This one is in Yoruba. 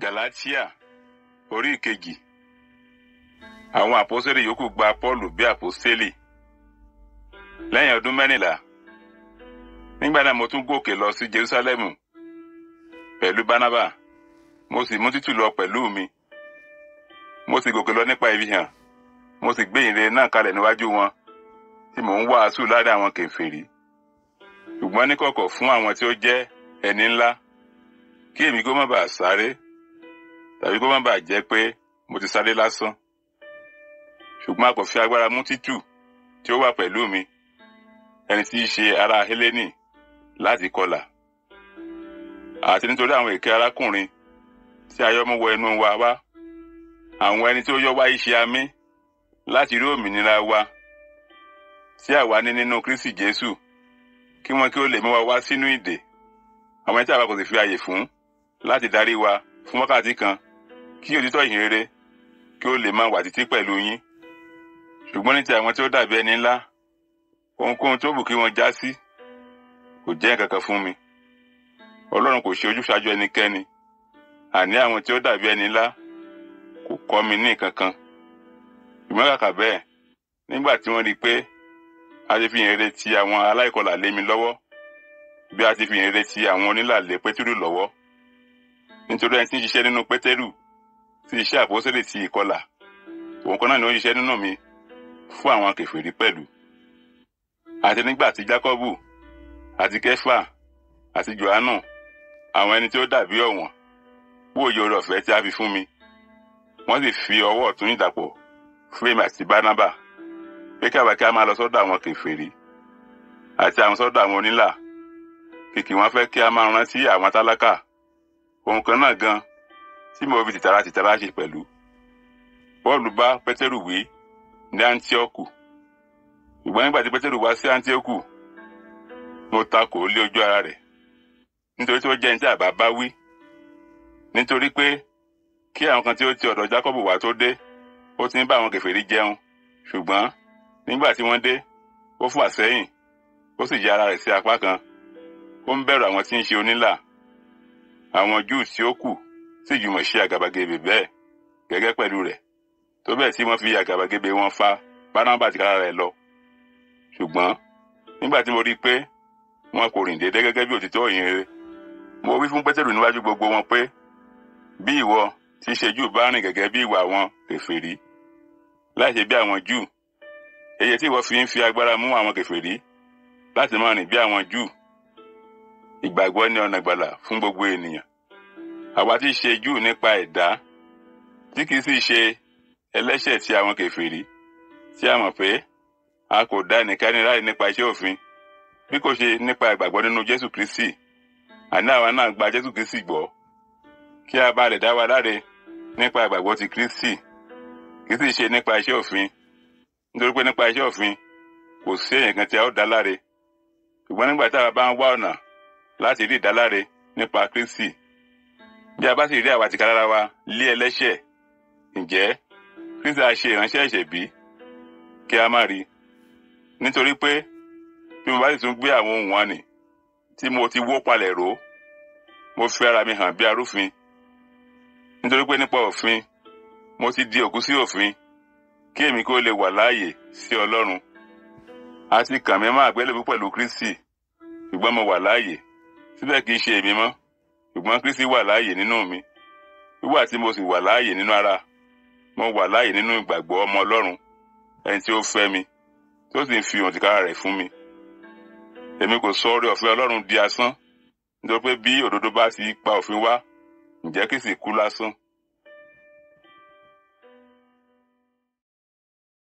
galatia orí ìkejì àwọn àpọ́sítélì yòókù gba pọ́ọ̀lù bí àpọ́sítélì lẹ́yìn ọdún mẹ́rìnlá nígbà náà mo tún gòkè lọ sí jerúsálẹ́mù pẹ̀lú bánábà mo sì mú títù lọ pẹ̀lú mi mo sì gòkè lọ nípa ìfihàn mo sì gbé ìrere náà kalẹ̀ níwájú wọn tí mò ń wàásù lára àwọn kèfèrí ṣùgbọ́n níkọ̀kọ̀ fún àwọn tí ó jẹ́ ẹni ńlá kí èmi kó má bàa sáré tàbí kó má bàa jẹ́ pé mo ti sáré lásán ṣùgbọ́n a kò fi agbára mú títù tí ó wà pẹ̀lú mi ẹni tí í ṣe ará Hélénì láti kọlà àti nítorí àwọn èké arákùnrin tí a yọ mú wọ inú wa wá àwọn ẹni tí ó yọ wá iṣẹ́ amí láti rí òmìnira wa tí àwa ní nínú Kristi Jésù kí wọn kí ó lè mú wa wá sínú ìdè àwọn ẹni tí àwa kò sì fi àyè fún láti darí wa fún wákàtí kan kí òtítọ́ ìhìn rere kí ó lè máa wà títí pẹ̀lú yín ṣùgbọ́n ní ti àwọn tí ó dàbí ẹni ńlá ohunkóhun tó bù kí wọ́n já sí kò jẹ́ kankan fún mi ọlọ́run kò ṣe ojúṣàájú ẹnikẹ́ni àní àwọn tí ó dàbí ẹni ńlá kò kọ́ mi ní kankan ṣùgbọ́n kàkà bẹ́ẹ̀ nígbà tí wọ́n rí i pé a ti fi ìhìnrere ti àwọn aláìkọlà lé mi lọ́wọ́ bí a ti fi ìhìnrere ti àwọn onílà pétérù lọ́wọ́ nítorí ẹni tí ń ṣiṣẹ́ nínú pétérù ti iṣẹ́ àpọ́sẹ́lẹ̀ ti ìkọlà òun kan náà ni ó ń ṣiṣẹ́ nínú mi fún àwọn kèfèrí pẹ̀lú àti nígbà tí Jákọ́bù àti Kẹfà àti Jòhánù àwọn ẹni tí ó dàbí ọ̀wọ́n wòye oore ọ̀fẹ́ tí a fi fún mi wọ́n sì fi ọwọ́ ọ̀tún ìdàpọ̀ fún èmi àti Bánábà pé kí àwa kí a máa lọ sọ́dọ̀ àwọn kèfèrí àti àwọn sọ́dọ̀ àwọn onílà kìkì wọ́n fẹ́ kí a máa rántí àwọn tálákà ohun kan náà gan-an tí mo fi tìtara tìtara ṣe pẹ̀lú Pọ́ọ̀lù bá Pétérù wí ní Áńtíọ́kù ṣùgbọ́n nígbà tí Pétérù wá sí Áńtíọ́kù mo takò ó lé ojú ara rẹ̀ nítorí tí ó jẹ́ ní tí àbá bá wí nítorí pé kí àwọn kan tí ó ti ọ̀dọ̀ Jákọ́bù wá tó dé ó ti ń bá àwọn kèfèrí jẹun ṣùgbọ́n nígbà tí wọ́n dé ó fún àsẹ́yìn ó sì ya ara rẹ̀ sí apá kan ó ń bẹ̀rù àwọn tí ń ṣe onílà àwọn Júù tí ó kù tí Jùmọ̀ ṣe àgàbàgebè bẹ́ẹ̀ gẹ́gẹ́ pẹ̀lú rẹ̀ tó bẹ́ẹ̀ tí wọ́n fi àgàbàgebè wọn fa Bánábà tìkára rẹ̀ lọ. ṣùgbọ́n nígbà tí mo rí i pé wọn kò rìn déédéé gẹ́gẹ́ bí òtítọ́ ìyìn rere mo wí fún Pétérù níwájú gbogbo wọn pé bí ìwọ tí ṣe Júù bá rìn gẹ́gẹ́ bí ìwà wọn kèfèrí láì ṣe bí àwọn Júù èyí tí ìwọ fi ń fi agbára mú àwọn kèfèrí láti máa rìn bí àwọn Júù ìgbàgbọ́ ni ọ̀nà ìgbàlà fún gbogbo ènìyàn àwa tí í ṣe Júù nípa ẹ̀dá tí kìí sì ṣe ẹlẹ́ṣẹ̀ ti àwọn kèfèrí tí a mọ̀ pé a kò dá ẹnìkan láre nípa iṣẹ́ òfin bí kò ṣe nípa ìgbàgbọ́ nínú Jésù Kristi àní àwa náà gba Jésù Kristi gbọ́ kí a bá lè dá wa láre nípa ìgbàgbọ́ ti Kristi kìí sì ṣe nípa iṣẹ́ òfin nítorí pé nípa iṣẹ́ òfin kò sí èèyàn kan tí a ó dá láre ṣùgbọ́n nígbà tá a bá ń wá ọ̀nà láti rí ìdáláre nípa Kristi bí a bá sì rí àwa tìkára ara wa lé ẹlẹ́ṣẹ̀ ǹjẹ́ Kristi a ṣe ìránṣẹ́ ẹ̀ṣẹ̀ bí kí a má rí nítorí pé bí mo bá sì tún gbé àwọn ohun wọn nì tí mo ti wó palẹ̀ ró mo fi ara mi hàn bí arúfin nítorí pé nípa òfin mo ti di òkú sí òfin kí èmi kí ó lè wà láàyè sí Ọlọ́run a ti kàn mí mọ́ àgbélébú pẹ̀lú Kristi ṣùgbọ́n mo wà láàyè síbẹ̀ kì í ṣe èmi mọ́ ṣùgbọ́n Kristi wà láàyè nínú mi wíwà tí mo sì wà láàyè nínú ara mo wà láàyè nínú ìgbàgbọ́ ọmọ Ọlọ́run ẹni tí ó fẹ́ mi tó sì ń fi òǹtìkára rẹ̀ fún mi èmi kò sọ oore ọ̀fẹ́ Ọlọ́run di asán nítorí pé bí òdodo bá ti pa òfin wá ǹjẹ́ kì í sì kú lásán